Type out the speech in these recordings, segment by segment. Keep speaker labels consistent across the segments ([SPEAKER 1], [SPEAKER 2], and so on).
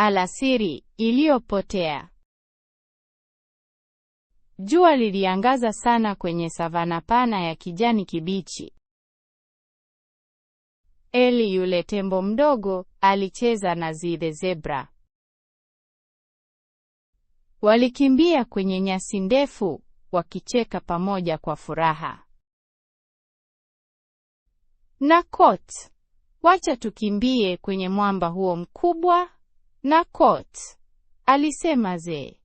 [SPEAKER 1] Alasiri iliyopotea. Jua liliangaza sana kwenye savana pana ya kijani kibichi. Eli yule tembo mdogo alicheza na zile zebra. Walikimbia kwenye nyasi ndefu wakicheka pamoja kwa furaha. Kot, wacha tukimbie kwenye mwamba huo mkubwa na kot, alisema Zee.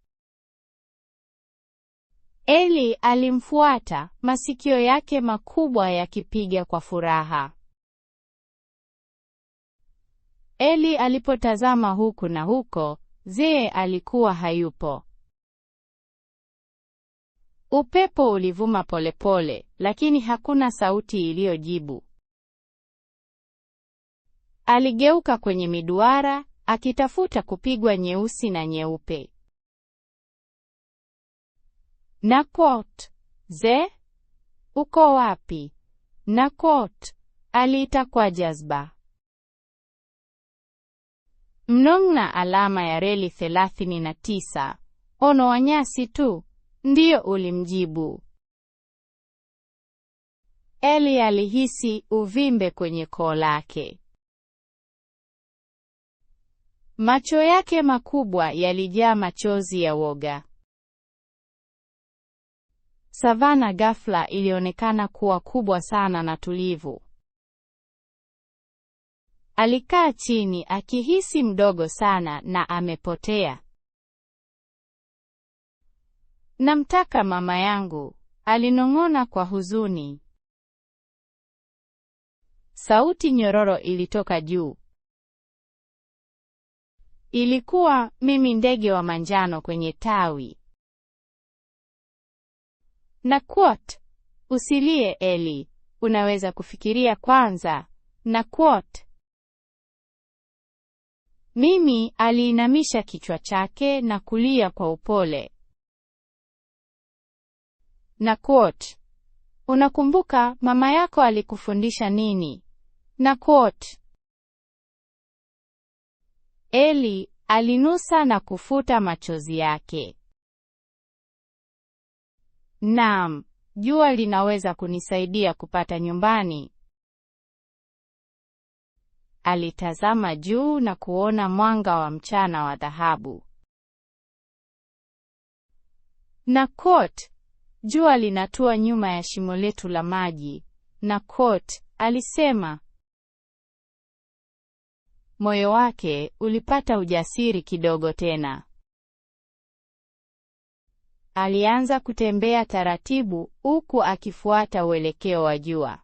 [SPEAKER 1] Eli alimfuata, masikio yake makubwa yakipiga kwa furaha. Eli alipotazama huku na huko, Zee alikuwa hayupo. Upepo ulivuma polepole, lakini hakuna sauti iliyojibu. Aligeuka kwenye miduara akitafuta kupigwa nyeusi na nyeupe. Nakot, ze, uko wapi? Nakot, aliita kwa jazba. Mnong'na alama ya reli 39 na ono wanyasi tu, ndio ulimjibu. Eli alihisi uvimbe kwenye koo lake. Macho yake makubwa yalijaa machozi ya woga. Savana ghafla ilionekana kuwa kubwa sana na tulivu. Alikaa chini akihisi mdogo sana na amepotea. Namtaka mama yangu, alinong'ona kwa huzuni. Sauti nyororo ilitoka juu. Ilikuwa mimi ndege wa manjano kwenye tawi. Na quote, usilie Eli, unaweza kufikiria kwanza. Na quote, mimi aliinamisha kichwa chake na kulia kwa upole. Na quote, unakumbuka mama yako alikufundisha nini? Na quote, Eli alinusa na kufuta machozi yake. Naam, jua linaweza kunisaidia kupata nyumbani. Alitazama juu na kuona mwanga wa mchana wa dhahabu. Kot, jua linatua nyuma ya shimo letu la maji. Kot alisema Moyo wake ulipata ujasiri kidogo tena. Alianza kutembea taratibu huku akifuata uelekeo wa jua.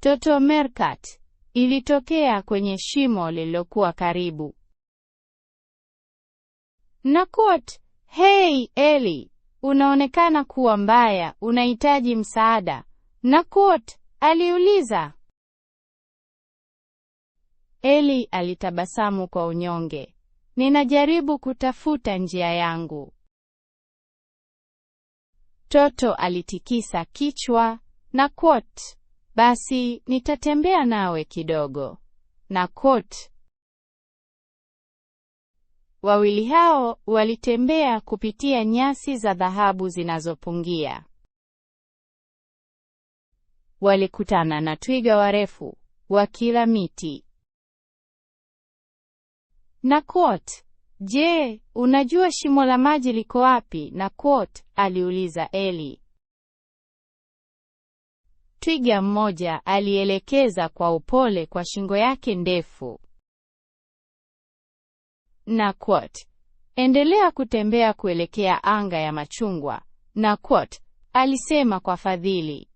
[SPEAKER 1] Toto merkat ilitokea kwenye shimo lililokuwa karibu. Nakot, hei Eli, unaonekana kuwa mbaya, unahitaji msaada. Nakot aliuliza. Eli alitabasamu kwa unyonge. Ninajaribu kutafuta njia yangu. Toto alitikisa kichwa na quote, basi nitatembea nawe kidogo na quote. Wawili hao walitembea kupitia nyasi za dhahabu zinazopungia. Walikutana na twiga warefu wakila miti na quote, je, unajua shimo la maji liko wapi? na quote, aliuliza Eli. Twiga mmoja alielekeza kwa upole kwa shingo yake ndefu na quote, endelea kutembea kuelekea anga ya machungwa na quote, alisema kwa fadhili.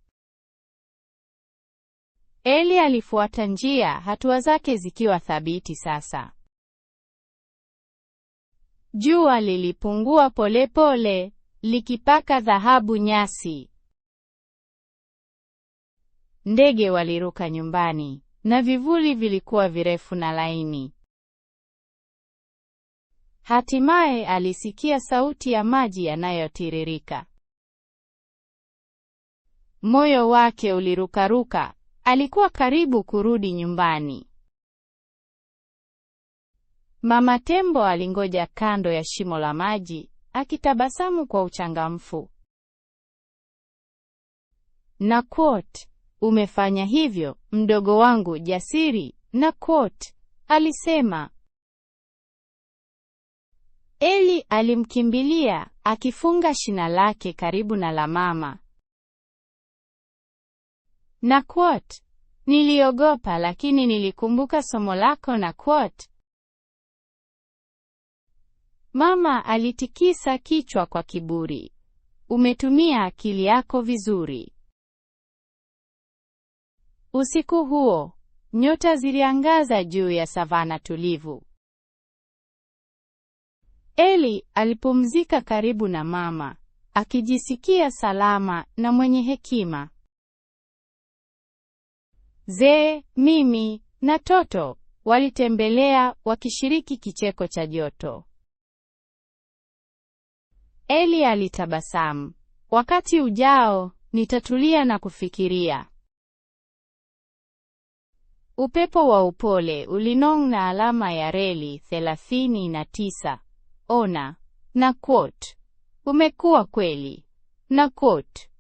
[SPEAKER 1] Eli alifuata njia, hatua zake zikiwa thabiti sasa. Jua lilipungua polepole pole, likipaka dhahabu nyasi. Ndege waliruka nyumbani na vivuli vilikuwa virefu na laini. Hatimaye alisikia sauti ya maji yanayotiririka. Moyo wake ulirukaruka. Alikuwa karibu kurudi nyumbani. Mama Tembo alingoja kando ya shimo la maji akitabasamu kwa uchangamfu. Na quote, umefanya hivyo mdogo wangu jasiri, na quote, alisema. Eli alimkimbilia akifunga shina lake karibu na la mama. Na quote, niliogopa lakini nilikumbuka somo lako na quote, Mama alitikisa kichwa kwa kiburi. Umetumia akili yako vizuri. Usiku huo, nyota ziliangaza juu ya savana tulivu. Eli alipumzika karibu na mama, akijisikia salama na mwenye hekima. Zee, Mimi na Toto walitembelea wakishiriki kicheko cha joto. Eli alitabasamu. Wakati ujao nitatulia na kufikiria. Upepo wa upole ulinong na alama ya reli 39. Ona na quote, umekuwa kweli na quote.